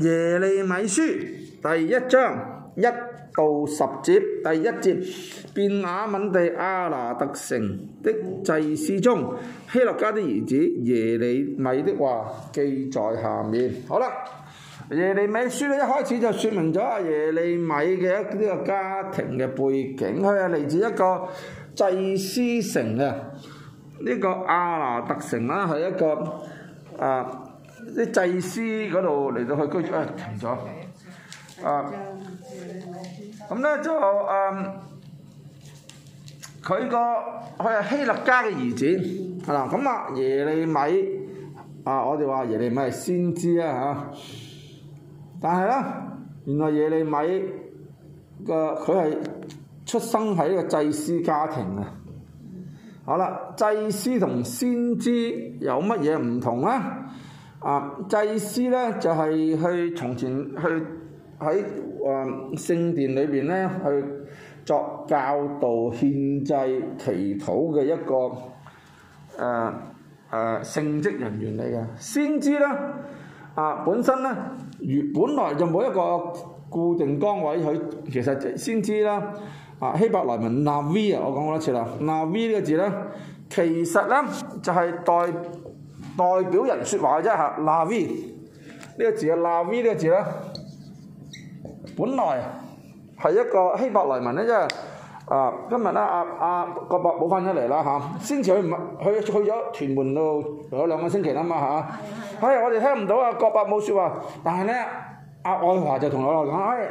耶利米書第一章一到十節第一節，便雅憫地阿拿特城的祭司中希勒家的兒子耶利米的話記載下面。好啦，耶利米書呢一開始就說明咗阿耶利米嘅一呢個家庭嘅背景，佢係啊嚟自一個祭司城啊，呢、這個阿拿特城啦係一個啊。呃啲祭司嗰度嚟到去居住停咗啊。咁咧就嗯，佢、嗯嗰個佢係希勒家嘅兒子啊。咁啊、嗯嗯嗯，耶利米啊，我哋話耶利米係先知啊。嚇。但係咧，原來耶利米嘅佢係出生喺一個祭司家庭啊。好啦，祭司同先知有乜嘢唔同啊？啊，祭司咧就係、是、去從前去喺誒、呃、聖殿裏邊咧去作教導、獻祭、祈禱嘅一個誒誒、呃呃、聖職人員嚟嘅。先知咧，啊、呃、本身咧，原本來就冇一個固定崗位佢，其實先知啦。啊希伯來文嗱 V 啊，ir, 我講過一次啦，嗱 V 呢個字咧，其實咧就係、是、代。代表人説話嘅啫嚇，鬧 V 呢個字啊，鬧 V 呢個字咧，本來係一個希伯來文咧，即係啊，今日咧阿阿郭伯冇翻出嚟啦嚇，先前去去咗屯門度有兩個星期啦嘛嚇，唉我哋聽唔到啊，郭伯冇説、啊啊啊哎、話，但係咧阿愛華就同我講，唉、哎、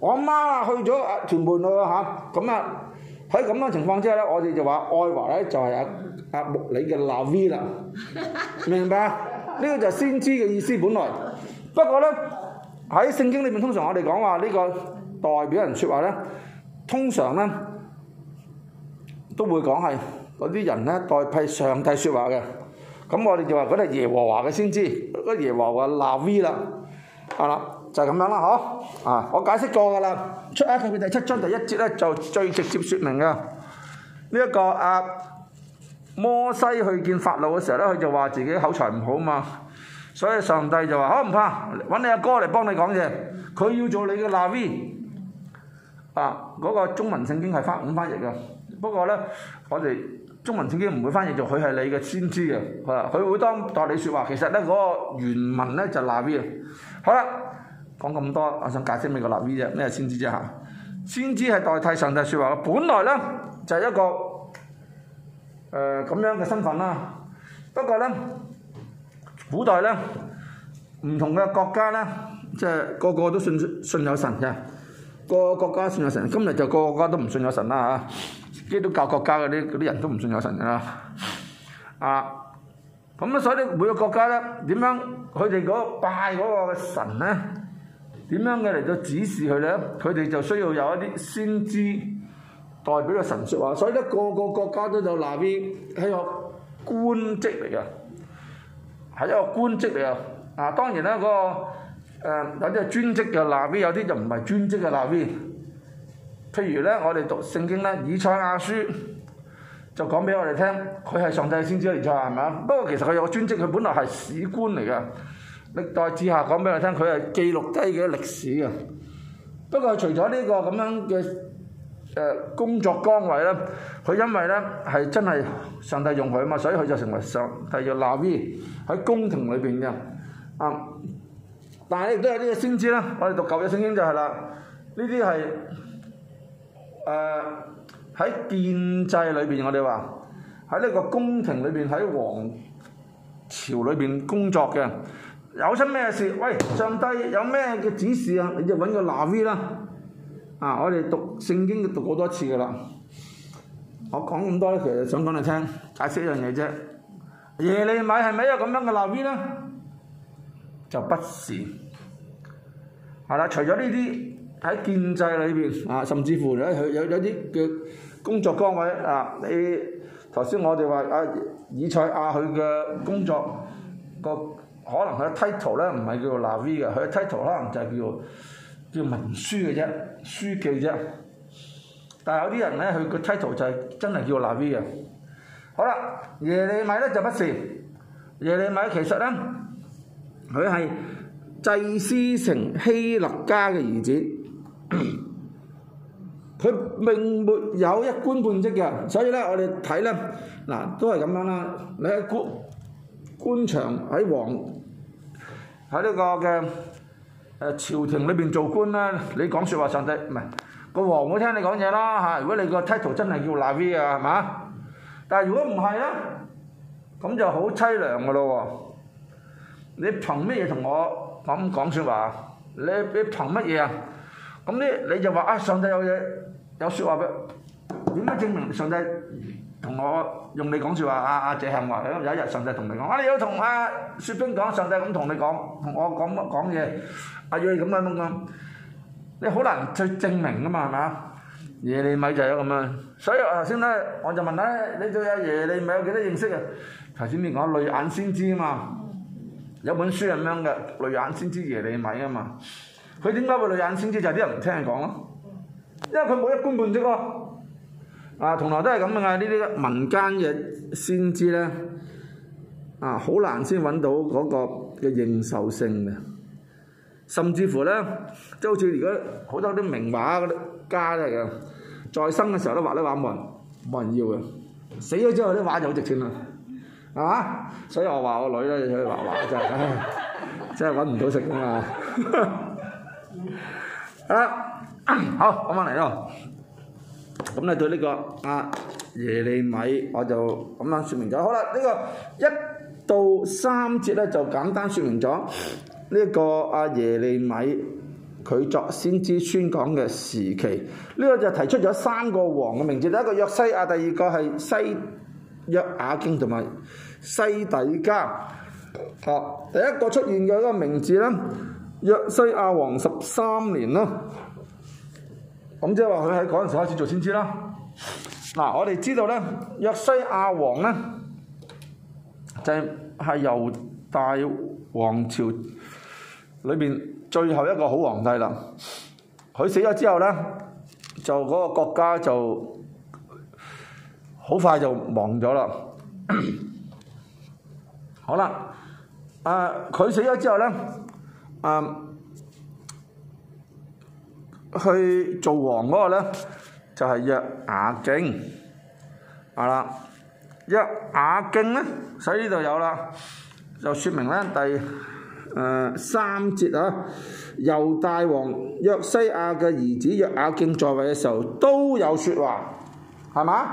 我媽啊去咗屯門度嚇，咁啊。喺咁樣情況之下咧，我哋就話愛華咧就係阿阿穆裏嘅拿 V 啦，明唔明白啊？呢個就係先知嘅意思，本來不過咧喺聖經裏面通常我哋講話呢個代表人說話咧，通常咧都會講係嗰啲人咧代替上帝說話嘅，咁我哋就話嗰啲耶和華嘅先知，嗰耶和華嘅拿 V 啦，係啦。就咁樣啦，嗬！啊，我解釋過噶啦。出 f 箇第七章第一節咧，就最直接説明嘅呢一個啊，摩西去見法老嘅時候咧，佢就話自己口才唔好嘛，所以上帝就、哦、哥哥話，好唔怕，揾你阿哥嚟幫你講嘢。佢要做你嘅拿威啊！嗰、那個中文聖經係冇翻譯嘅，不過咧，我哋中文聖經唔會翻譯，就佢係你嘅先知嘅，佢會當代你說話。其實咧，嗰、那個原文咧就拿威啊。好啦。講咁多，我想解釋美國立意啫咩先知啫嚇？先知係代替神説話嘅。本來咧就係、是、一個誒咁、呃、樣嘅身份啦、啊。不過咧，古代咧唔同嘅國家咧，即、就、係、是、個，個個都信信有神嘅，個個國家信有神。今日就個個國家都唔信有神啦、啊、嚇！基督教國家啲嗰啲人都唔信有神啦。啊，咁啊，所以咧每個國家咧點樣佢哋嗰拜嗰個嘅神咧？點樣嘅嚟到指示佢呢？佢哋就需要有一啲先知代表個神説話，所以呢，個個國家都有拿比係個官職嚟噶，係一個官職嚟啊！啊，當然咧嗰、那個有啲係專職嘅拿比，有啲就唔係專職嘅拿比。譬如咧，我哋讀聖經咧，以賽亞書就講俾我哋聽，佢係上帝的先知以賽亞，係咪？不過其實佢有個專職，佢本來係史官嚟嘅。歷代之下講俾你聽，佢係記錄低嘅歷史嘅。不過除咗呢個咁樣嘅誒、呃、工作崗位咧，佢因為咧係真係上帝用佢啊嘛，所以佢就成為上帝嘅鬧醫喺宮廷裏邊嘅。啊、嗯！但係亦都有啲嘅先知啦。我哋讀舊約聖經就係啦，呢啲係誒喺建制裏邊，我哋話喺呢個宮廷裏邊、喺皇朝裏邊工作嘅。有出咩事？喂，上帝有咩嘅指示啊？你就揾個拿威啦！啊，我哋讀聖經讀過好多次㗎喇。我講咁多其實想講你聽，解釋一樣嘢啫。耶利米係咪有個咁樣嘅拿威咧？就不是。啊、除咗呢啲喺建制裏面，啊，甚至乎、啊、有有有啲嘅工作崗位啊，你頭先我哋話啊以賽亞佢嘅工作個。可能佢嘅 title 咧，唔係叫做 Navi 嘅，佢嘅 title 可能就係叫叫文書嘅啫，書記啫。但係有啲人咧，佢嘅 title 就係、是、真係叫做 Navi 嘅。好啦，耶利米咧就不是，耶利米其實咧，佢係祭司城希勒家嘅兒子，佢並 沒有一官半職嘅，所以咧我哋睇咧，嗱都係咁樣啦，你估？官場喺皇喺呢個嘅朝廷裏邊做官啦。你講説話上帝唔係個王會聽你講嘢啦嚇，如果你個 title 真係叫拉 V 啊，係嘛？但係如果唔係咧，咁就好凄涼噶咯喎！你憑乜嘢同我咁講説話？你你憑乜嘢啊？咁咧你就話啊，上帝有嘢有説話俾點解證明上帝？同我用你講住話，啊啊啊啊、話，阿阿姐喊話，有一日上帝同你講，我哋都同阿雪冰講，上帝咁同你講，同我講講嘢，阿月咁樣咁，你好難去證明噶嘛，係咪啊？椰李米就係咁樣，所以我頭先咧，我就問咧，你對椰李米有幾多認識啊？頭先你講淚眼先知啊嘛，有本書咁樣嘅，淚眼先知椰李米啊嘛，佢點解會淚眼先知？就係、是、啲人唔聽講咯，因為佢冇一官半職。啊，從來都係咁嘅，呢啲民間嘅先知咧，啊，好難先揾到嗰個嘅認受性嘅，甚至乎咧，即係好似而家好多啲名畫嗰啲家都係嘅，在生嘅時候都畫啲畫冇人冇人要嘅，死咗之後啲畫就好值錢啦，係嘛？所以我話我女咧去畫畫真係，真係揾唔到食㗎嘛，啊，好，我翻嚟咯。咁咧、嗯、對呢、這個阿、啊、耶利米我就咁樣説明咗，好啦，呢、這個一到三節咧就簡單説明咗呢、這個阿、啊、耶利米佢作先知宣講嘅時期。呢、這個就提出咗三個王嘅名字，第一個約西亞，第二個係西約雅敬同埋西底家。好，第一個出現嘅一個名字咧，約西亞王十三年啦。咁即係話佢喺嗰陣時開始做先知啦。嗱、啊，我哋知道咧，約西亞王咧就係係猶大王朝裏邊最後一個好皇帝啦。佢死咗之後咧，就嗰個國家就好快就亡咗啦。 好啦，誒、啊，佢死咗之後咧，誒、啊。去做王嗰個咧，就係約雅敬，係啦。約雅敬咧，所以呢度有啦，就説明咧第誒、呃、三節啊，猶大王約西亞嘅兒子約雅敬在位嘅時候都有説話，係嘛？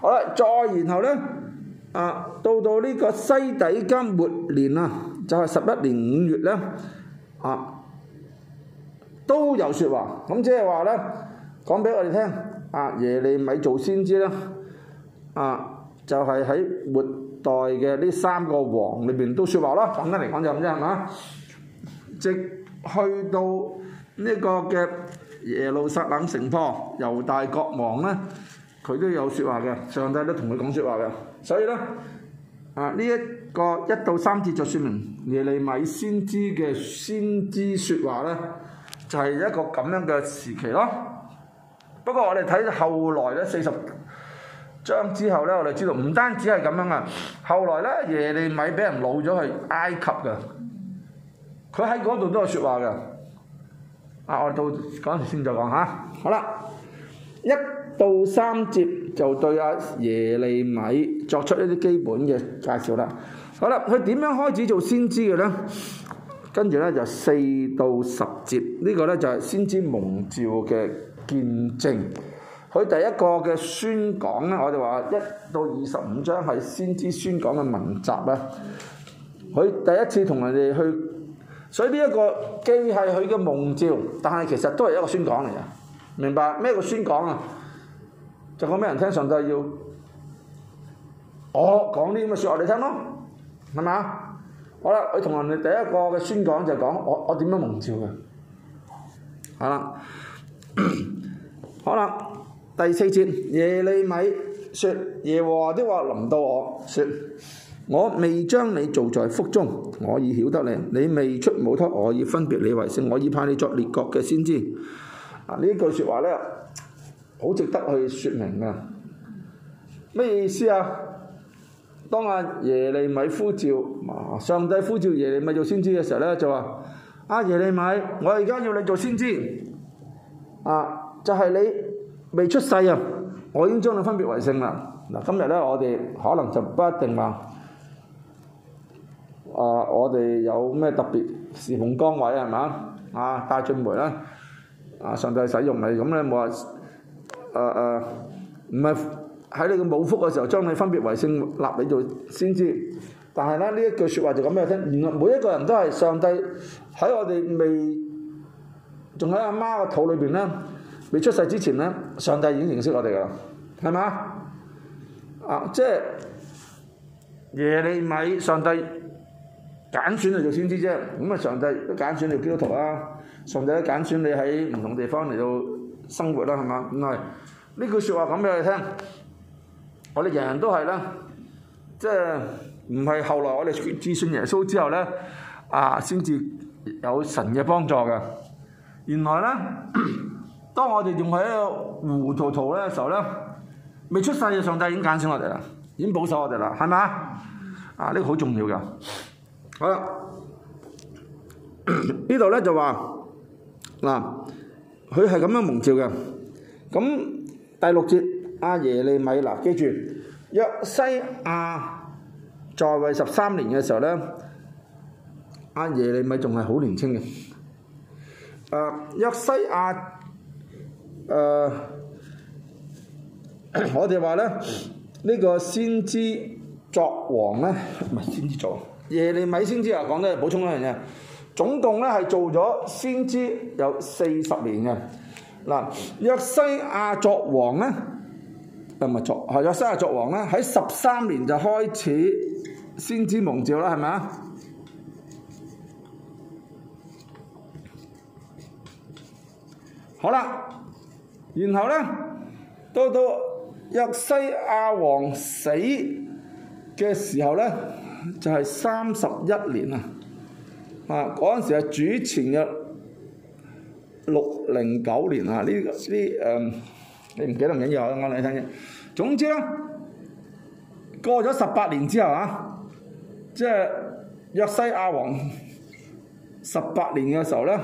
好啦，再然後咧，啊到到呢個西底家末年啊，就係十一年五月咧，啊。都有説話，咁即係話呢，講俾我哋聽，阿、啊、耶利米做先知啦，啊就係、是、喺末代嘅呢三個王裏邊都説話啦。簡單嚟講就咁啫，係嘛？直去到呢個嘅耶路撒冷城破，猶大國亡呢，佢都有説話嘅，上帝都同佢講説話嘅。所以呢，啊呢一、這個一到三節就説明耶利米先知嘅先知説話呢。就係一個咁樣嘅時期咯。不過我哋睇後來咧四十章之後咧，我哋知道唔單止係咁樣啊。後來咧耶利米俾人老咗去埃及嘅，佢喺嗰度都有説話嘅。啊，我到嗰時先再講吓。好啦，一到三節就對阿、啊、耶利米作出一啲基本嘅介紹啦。好啦，佢點樣開始做先知嘅咧？跟住咧就四到十節，這個、呢個咧就係、是、先知蒙召嘅見證。佢第一個嘅宣講咧，我哋話一到二十五章係先知宣講嘅文集啦。佢第一次同人哋去，所以呢一個既係佢嘅蒙召，但係其實都係一個宣講嚟啊。明白咩叫宣講啊？就講俾人聽，上帝要我講啲咁嘅嘢俾你聽咯，係咪啊？好啦，我同人哋第一個嘅宣講就是、講我我點樣蒙召嘅，係啦。好啦， 第四節耶利米說耶和華的話臨到我，說我未將你造在腹中，我已曉得你，你未出母胎，我已分別你為聖，我已派你作列國嘅先知。啊，呢句説話呢，好值得去説明啊！咩意思啊？當阿耶利米呼召，上帝呼召耶利米做先知嘅時候咧，就話：阿、啊、耶利米，我而家要你做先知，啊，就係、是、你未出世啊，我已經將你分別為聖啦。嗱、啊，今日咧，我哋可能就不一定話、啊，啊，我哋有咩特別侍奉崗位係嘛？啊，戴進梅啦，啊，上帝使用你咁咧，話，啊啊，咩、啊？喺你嘅母腹嘅時候，將你分別為聖，立你做先知。但係咧，呢一句説話就講俾你聽，原來每一個人都係上帝喺我哋未仲喺阿媽嘅肚裏邊咧，未出世之前咧，上帝已經認識我哋噶啦，係咪？啊，即係耶利米，上帝揀選你做先知啫。咁啊，上帝都揀選你基督徒啊，上帝都揀選你喺唔同地方嚟到生活啦、啊，係嘛？咁係呢句説話講俾我哋聽。我哋人人都係啦，即係唔係後來我哋自信耶穌之後呢，啊先至有神嘅幫助嘅。原來呢，當我哋仲係喺度糊糊塗塗咧嘅時候呢，未出世嘅上帝已經揀選我哋啦，已經保守我哋啦，係咪啊？啊、這、呢個好重要嘅。好啦，這裏呢度呢，就話嗱，佢係咁樣蒙召嘅。咁第六節。阿耶利米嗱，記住約西亞在位十三年嘅時候咧，阿耶利米仲係好年輕嘅。誒約西亞誒，亞呃、 我哋話咧呢個先知作王咧，唔係 先知作王。耶利米先知啊。講咧補充一樣嘢，總共咧係做咗先知有四十年嘅嗱。約西亞作王咧。阿約西亞作王啦，喺十三年就開始先知蒙召啦，係咪啊？好啦，然後咧到到約西亞王死嘅時候咧，就係三十一年啊，啊嗰陣時係主前嘅六零九年啊，呢呢誒。你唔記得唔緊要，我講你聽啫。總之咧，過咗十八年之後啊，即係約西亞王十八年嘅時候咧，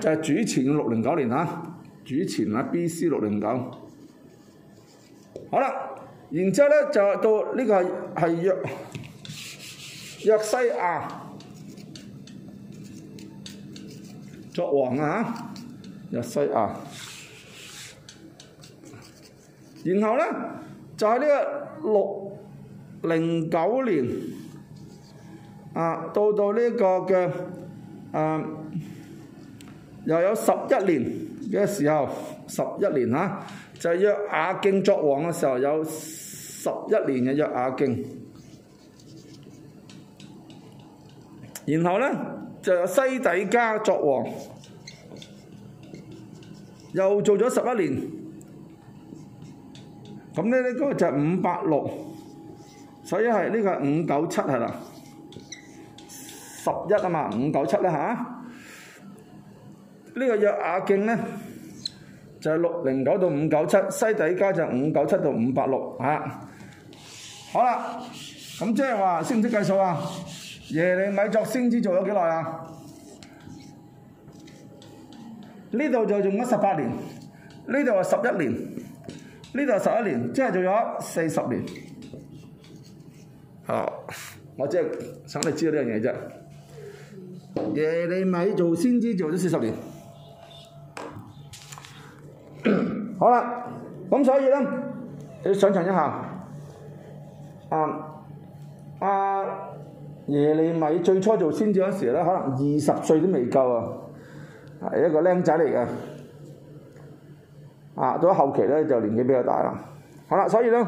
就係主前六零九年啊，主前啊 B.C. 六零九。好啦，然之後咧就到呢個係係約西亞作王啊嚇，約西亞。然後呢，就喺、是、呢個六零九年啊，到到呢個嘅啊，又有十一年嘅時候，十一年啊，就是、約亞敬作王嘅時候有十一年嘅約亞敬。然後呢，就有西底家作王，又做咗十一年。咁咧，呢個就五八六，所以係、啊這個、呢個五九七係啦，十一啊嘛，五九七啦嚇。呢個約雅敬咧就係六零九到五九七，西底家就五九七到五八六嚇。好啦，咁即係話識唔識計數啊？耶利米作先知做咗幾耐啊？呢度就用咗十八年，呢度係十一年。呢度十一年，即係做咗四十年。啊，我即係想你知道呢樣嘢啫。耶利米做先知做咗四十年。 好啦，咁所以呢，你想象一下，啊啊耶利米最初做先知嗰時咧，可能二十歲都未夠啊，係一個靚仔嚟噶。啊，到咗後期咧就年紀比較大啦，好啦，所以咧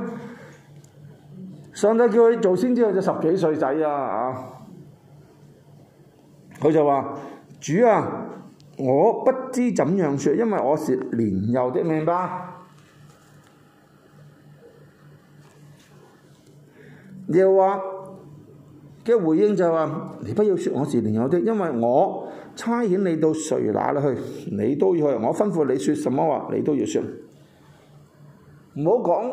上帝叫佢做先知，佢就十幾歲仔啊，啊，佢就話主啊，我不知怎樣説，因為我是年幼的，明白？耶穌嘅回應就話、是：你不要説我是年幼的，因為我。差遣你到誰哪裏去？你都要去。我吩咐你説什麼話，你都要説。唔好講，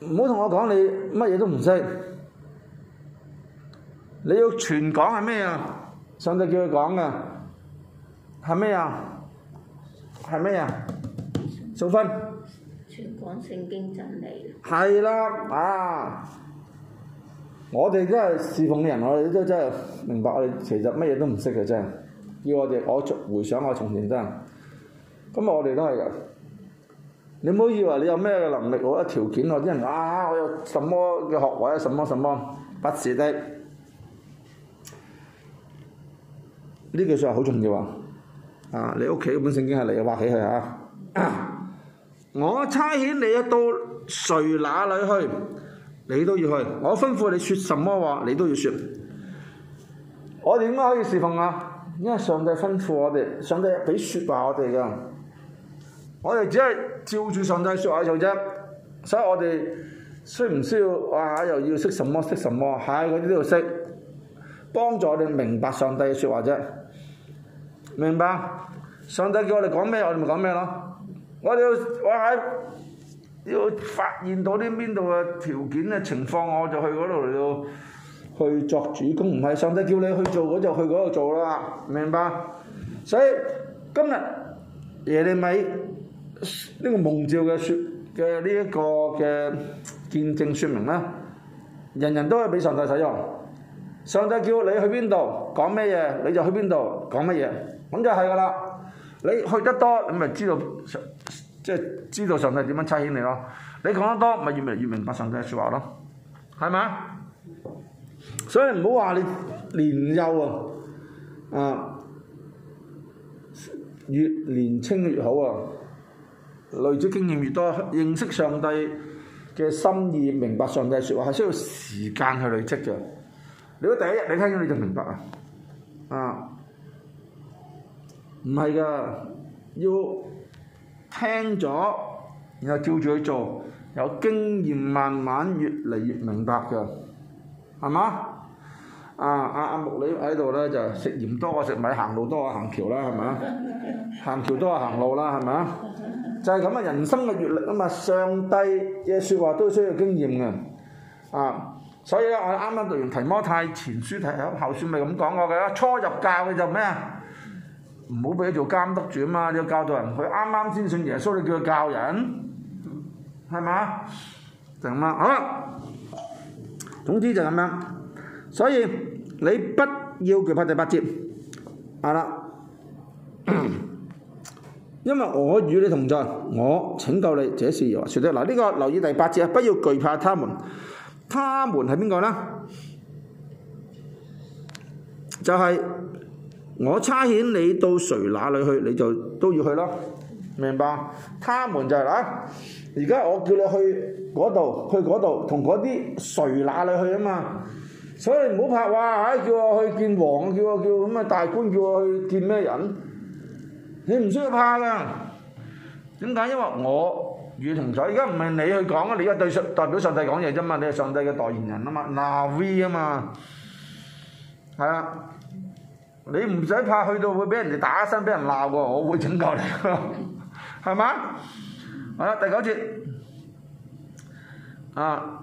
唔好同我講你乜嘢都唔識。你要全講係咩啊？上帝叫佢講嘅，係咩啊？係咩啊？全數分。全講聖經真理。係啦，啊！我哋都係侍奉啲人，我哋都真係明白，我哋其實乜嘢都唔識嘅，真係。要我哋，我回想我從前真係。咁我哋都係嘅。你唔好以為你有咩嘅能力，或者條件，或者人啊，我有什麼嘅學位，什麼什麼，不是的。呢句説話好重要。啊，你屋企本聖經係嚟劃起去啊！我差遣你到誰那裏去？你都要去，我吩咐你說什麼話，你都要說。我哋點解可以侍奉啊？因為上帝吩咐我哋，上帝畀說話我哋嘅，我哋只係照住上帝說話做啫。所以我哋需唔需要話下、啊、又要識什麼識什麼？係嗰啲都要識，幫助我哋明白上帝嘅說話啫。明白？上帝叫我哋講咩，我哋咪講咩咯。我哋要我喺。啊啊要發現到啲邊度嘅條件嘅情況，我就去嗰度嚟到去作主公。咁唔係上帝叫你去做，我就去嗰度做啦，明白？所以今日耶利米呢個夢兆嘅説嘅呢一個嘅見證説明啦，人人都係俾上帝使用。上帝叫你去邊度講咩嘢，你就去邊度講乜嘢，咁就係噶啦。你去得多，你咪知道。即係知道上帝點樣差遣你咯，你講得多咪越嚟越明白上帝嘅説話咯，係咪？所以唔好話你年幼啊，啊越年青越好啊，累積經驗越多，認識上帝嘅心意，明白上帝説話係需要時間去累積嘅。如果第一日你聽你就明白啊，啊唔係噶，要。聽咗，然後照住去做，有經驗慢慢越嚟越明白嘅，係嘛？啊啊啊！牧女喺度咧就食、是、鹽多過食米行路多過行橋啦，係咪啊？行橋多過行路啦，係咪啊？就係咁啊！人生嘅閲歷啊嘛，上帝嘅説話都需要經驗嘅，啊！所以咧，我啱啱讀完提摩太前書睇下後書咪咁講過嘅初入教嘅就咩啊？唔好俾佢做監督住啊嘛！你、這、要、個、教導人，佢啱啱先信耶穌，你叫佢教人，係嘛？就咁啦，好。總之就咁樣。所以你不要懼怕第八節，係啦， 因為我與你同在，我拯救你。這是話，説得嗱，呢個留意第八節啊，不要懼怕他們。他們係邊個呢？就係、是。我差遣你到誰那裏去，你就都要去咯，明白？他們就係、是、啦，而家我叫你去嗰度，去嗰度，同嗰啲誰那裏去啊嘛？所以唔好怕，哇、哎！叫我去見王，叫啊叫大官，叫我去見咩人？你唔需要怕噶，點解？因為我與同在，而家唔係你去講，你而家代表上帝講嘢啫嘛，你係上帝嘅代言人啊嘛，拿威啊嘛，係啊。你唔使怕，去到會俾人哋打身，俾人鬧喎。我會拯救你，係嘛？係第九節啊，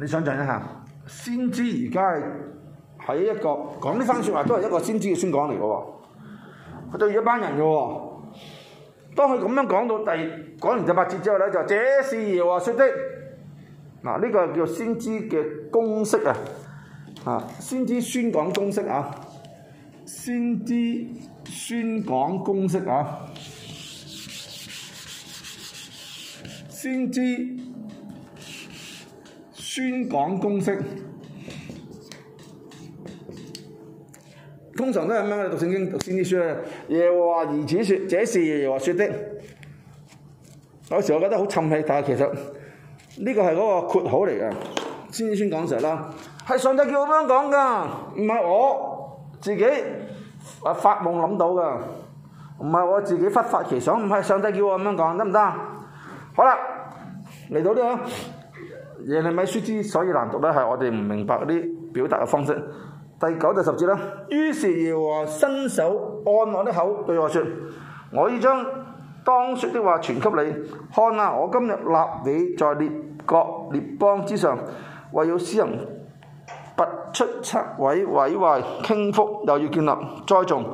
你想象一下，先知而家喺一個講呢番説話，都係一個先知嘅宣講嚟嘅喎。佢對住一班人嘅喎。當佢咁樣講到第講完第八節之後呢，就這是話說的。嗱，呢個叫先知嘅公式啊。先知宣講公式啊！先知宣講公式啊！先知宣講公式，啊公式，啊公式啊。通常都係咁樣，我哋讀聖經讀先知書啊，耶和華如此說，這是耶和華話說的。有時候我覺得好沉氣，但係其實呢、這個係嗰個括號嚟嘅，先知宣講實啦。啊係上帝叫我咁樣講噶，唔係我自己啊發夢諗到噶，唔係我自己忽發奇想，唔係上帝叫我咁樣講，得唔得？好啦，嚟到呢個耶利米書之所以難讀咧，係我哋唔明白啲表達嘅方式。第九至十節，第九、第十節啦，於是耶和華伸手按我啲口對我説：我要將當説的話傳給你看啊！我今日立你在列國列邦之上，為要施行。出拆毀、毀壞、傾覆，又要建立栽種。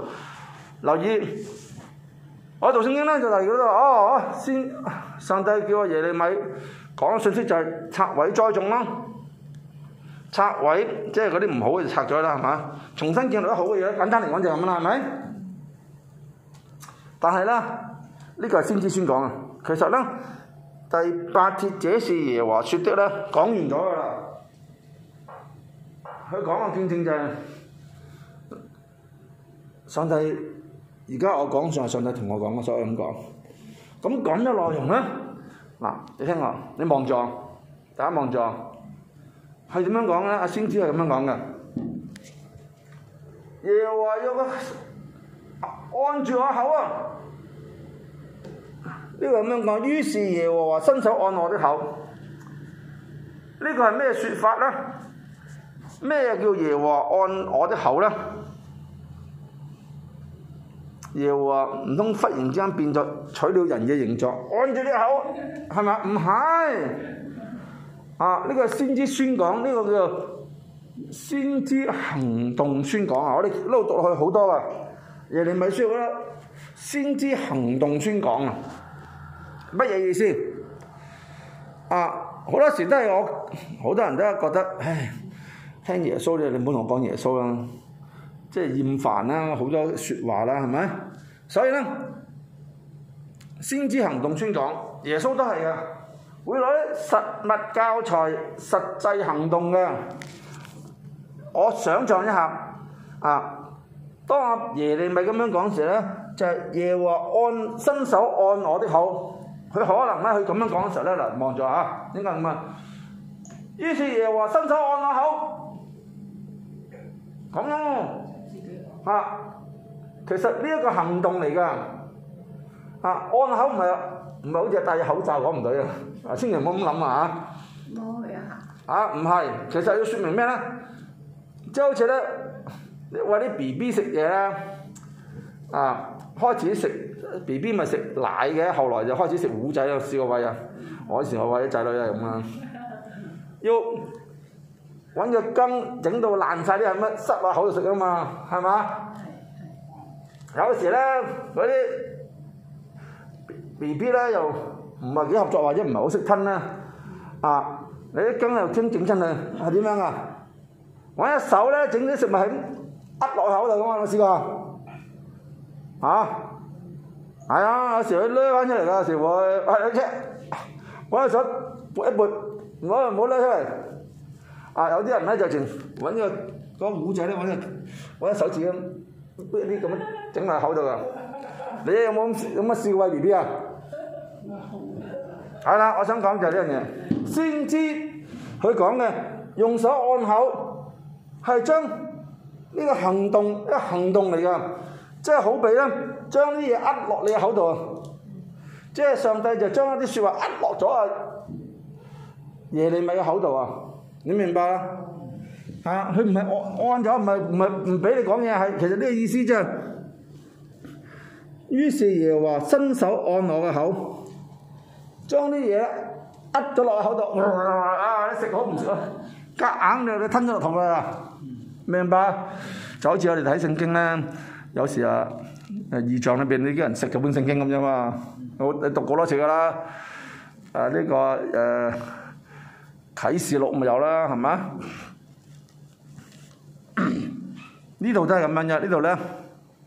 留意，我讀聖經呢就嚟嗰度哦哦，先上帝叫阿耶利米講信息就係拆毀栽種啦。拆毀即係嗰啲唔好嘅就拆咗啦，係嘛？重新建立啲好嘅嘢，簡單嚟講就係咁啦，係咪？但係呢，呢、呢個係先知先講啊。其實呢，第八節這是耶和華説的咧，講完咗㗎啦。佢講個見證啫。正正上帝，而家我講上係上帝同我講嘅，所以咁講。咁講咩內容呢？嗱，你聽我，你望住我，大家望住我，係點樣講咧？阿、啊、先知係咁樣講嘅，耶和華用個按住我口啊！呢個咁樣講，於是耶和華伸手按我的口，呢個係咩説法咧？咩叫耶和華按我的口呢？耶和華唔通忽然之間變咗取了人嘅形狀，按住啲口，係咪？唔係啊！呢、這個先知宣講，呢、這個叫做先知行動宣講，我哋一路讀落去好多啊！耶利米書嗰個先知行動宣講啊，乜嘢意思？啊，好多時候都係我好多人都係覺得，唉～聽耶穌你唔好同我講耶穌啦，即係厭煩啦，好多說話啦，係咪？所以咧，先知行動先講，耶穌都係啊，會攞啲實物教材、實際行動嘅。我想象一下啊，當阿、啊、耶利米咁樣講時咧，就係、是、耶和華伸手按我啲口，佢可能咧，佢咁樣講嘅時候咧，嗱，望住啊，點解咁啊，於是耶和華伸手按我口。咁啊，啊，其實呢一個行動嚟㗎，啊按口唔係唔係好似戴口罩講唔對啊，啊千祈唔好咁諗啊嚇。啊，唔係，其實要説明咩咧？即係好似咧，餵啲 B B 食嘢咧，啊開始食 B B 咪食奶嘅，後來就開始食糊仔啊，試過餵啊，我以前我餵啲仔女又係咁啊，要。揾個羹整到爛曬啲係乜？塞落口度食啊嘛，係嘛？有時咧嗰啲 B B 咧又唔係幾合作或者唔係好識吞咧，啊你啲羹又將整親佢係點樣啊？搵一手咧整啲食物喺噏落口度咁啊！有冇試過？嚇係啊！有時佢甩翻出嚟㗎，有時我哎呀，我一手撥一撥，我又冇甩出嚟。啊！有啲人呢，就仲揾個攞碗、嗰個、仔咧，揾個,個,個手指咁，整喺口度噶。你有冇咁咁嘅笑 B B 啊？係啦寶，我想講就係呢樣嘢。先知佢講嘅用手按口，係將呢個行動，一、一個行動嚟嘅，即係好比咧將啲嘢壓落你嘅口度，即係上帝就將一啲説話壓落咗啊！耶利米嘅口度啊！你明白啦，係啊，佢唔係按按咗，唔係唔係唔畀你講嘢，係其實呢個意思啫。於是話伸手按我個口，將啲嘢噏咗落口度，啊，你食好唔食啊？夾硬你，你吞咗落肚啦。明白？就好似我哋睇聖經咧，有時啊，誒異象裏邊呢啲人食咗本聖經咁啫嘛。我你讀過多次噶啦，啊呢個誒。啟示錄咪有啦，係嘛？呢度都係咁樣啫。呢度咧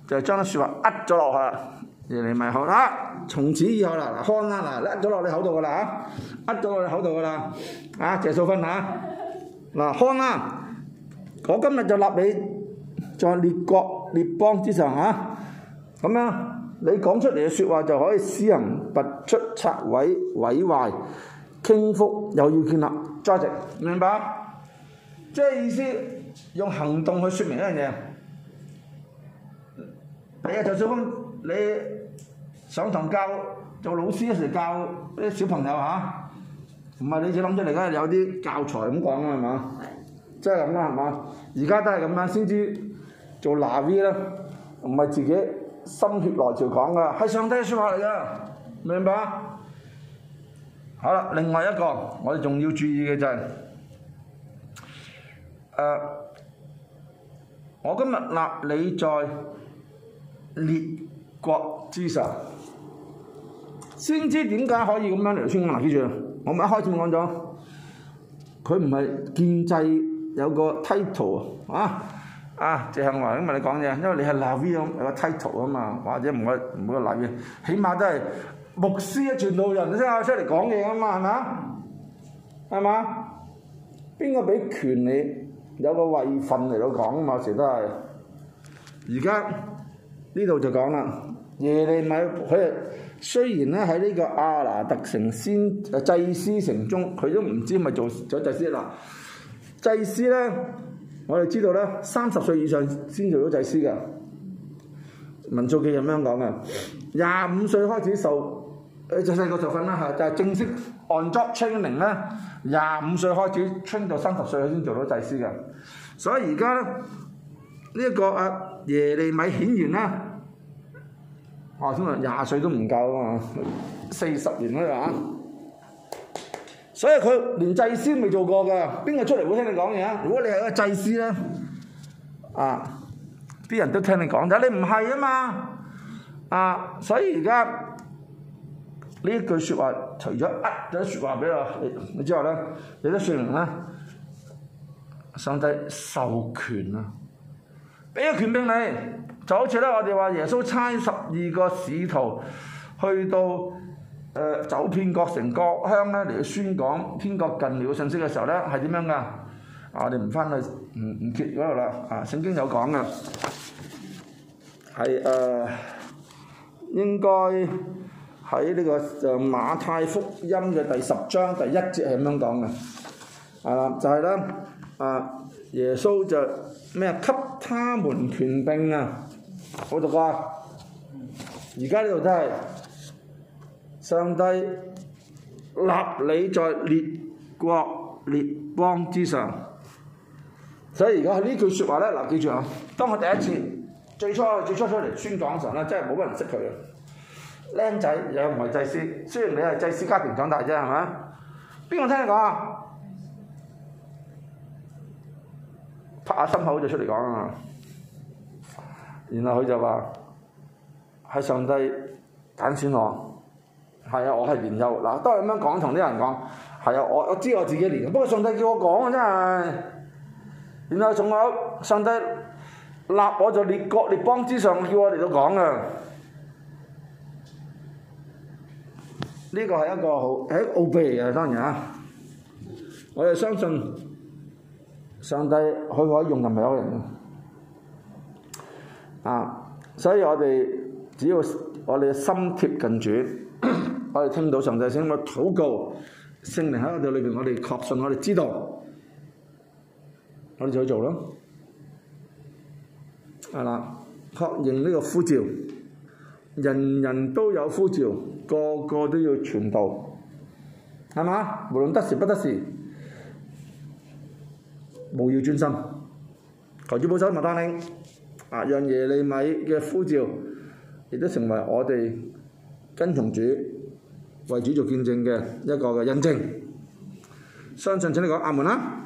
就將啲説話噏咗落去，你咪學啦。從此以後啦，嗱康啦，嗱噏咗落你口度㗎啦，噏咗落你口度㗎啦，啊謝素芬啊，嗱康啦，我今日就立你在列國列邦之上啊，咁樣你講出嚟嘅説話就可以使人拔出拆毀、毀壞、傾覆，又要建立。價值、啊就是，明白？即係意思用行動去説明一樣嘢。第一，就算你上堂教做老師嘅時候教啲小朋友嚇，唔係你自己諗出嚟，而家有啲教材咁講嘅係嘛？即係咁啦，係嘛？而家都係咁啦，先知做嗱 V 啦，唔係自己心血來潮講嘅，係上帝嘅說話嚟嘅，明白？好啦，另外一個我哋仲要注意嘅就係、是，誒、啊，我今日立你在列國之上，先知點解可以咁樣嚟穿？嗱，記住，我咪一開始咪講咗，佢唔係建制有個 title 啊，啊，謝杏華今日你講嘢，因為你係納 V 咁有個 title 啊嘛，或者唔係唔係納 V，起碼都係。牧師啊，傳道人先啊，出嚟講嘢啊嘛，係嘛？係嘛？邊個俾權利有個位份嚟到講啊嘛？有時都係。而家呢度就講啦，耶利米佢雖然咧喺呢個亞拿突城先祭司城中，佢都唔知咪做咗祭司啦。祭司呢，我哋知道呢，三十歲以上先做咗祭司嘅。民數記咁樣講嘅，二十五歲開始受。最細就訓、就係、正式 on job training 咧，廿五歲開始 train 到三十歲，佢先做到祭司嘅。所以而家呢一、這個耶利米顯然，呢啊，先話廿歲都唔夠啊嘛，四十年啦啊，所以佢連祭司都未做過嘅，邊個出嚟會聽你講嘢？如果你係個祭司呢，啊，啲人都聽你講，但你唔係啊嘛，啊，所以而家。呢一句説話，除咗噏咗説話俾我之後咧，亦都説明咧，上帝授權啊，俾個權柄你，就好似咧我哋話耶穌差十二個使徒去到誒、呃、走遍各城各鄉咧嚟到宣講天國近了信息嘅時候咧，係點樣噶？我哋唔翻去唔唔結嗰度啦。啊，聖經有講嘅，係誒、呃、應該。喺呢個就馬太福音嘅第十章第一節係咁樣講嘅，就係咧耶穌就咩給他們權柄啊，好讀啩？而家呢度都係上帝立你在列國列邦之上，所以而家呢句説話咧，嗱，記住啊，當我第一次最初最初出嚟宣講嘅時候真係冇乜人認識佢啊。僆仔又唔係祭司，雖然你係祭司家庭長大啫，係嘛？邊個聽你講啊？拍下心口就出嚟講啊！然後佢就話係上帝揀選我，係啊，我係年幼嗱，都係咁樣講，同啲人講係啊，我我知道我自己年幼，不過上帝叫我講啊，真係。然後仲有上帝立我在列國列邦之上，我叫我嚟到講啊。呢個係一個好喺奧秘啊！當然啊，我哋相信上帝佢可以用就唔係可用啊！所以我哋只要我哋心貼近主， 我哋聽到上帝聲音嘅禱告、聖靈喺我哋裏邊，我哋確信我哋知道，我哋就去做咯。係啦，確認呢個呼召，人人都有呼召。個個都要傳道，係嘛？無論得時不得時，務要專心，求主保守，唔好單拎。啊，讓耶利米嘅呼召，亦都成為我哋跟從主為主做見證嘅一個嘅印證。相信請你講阿門啦。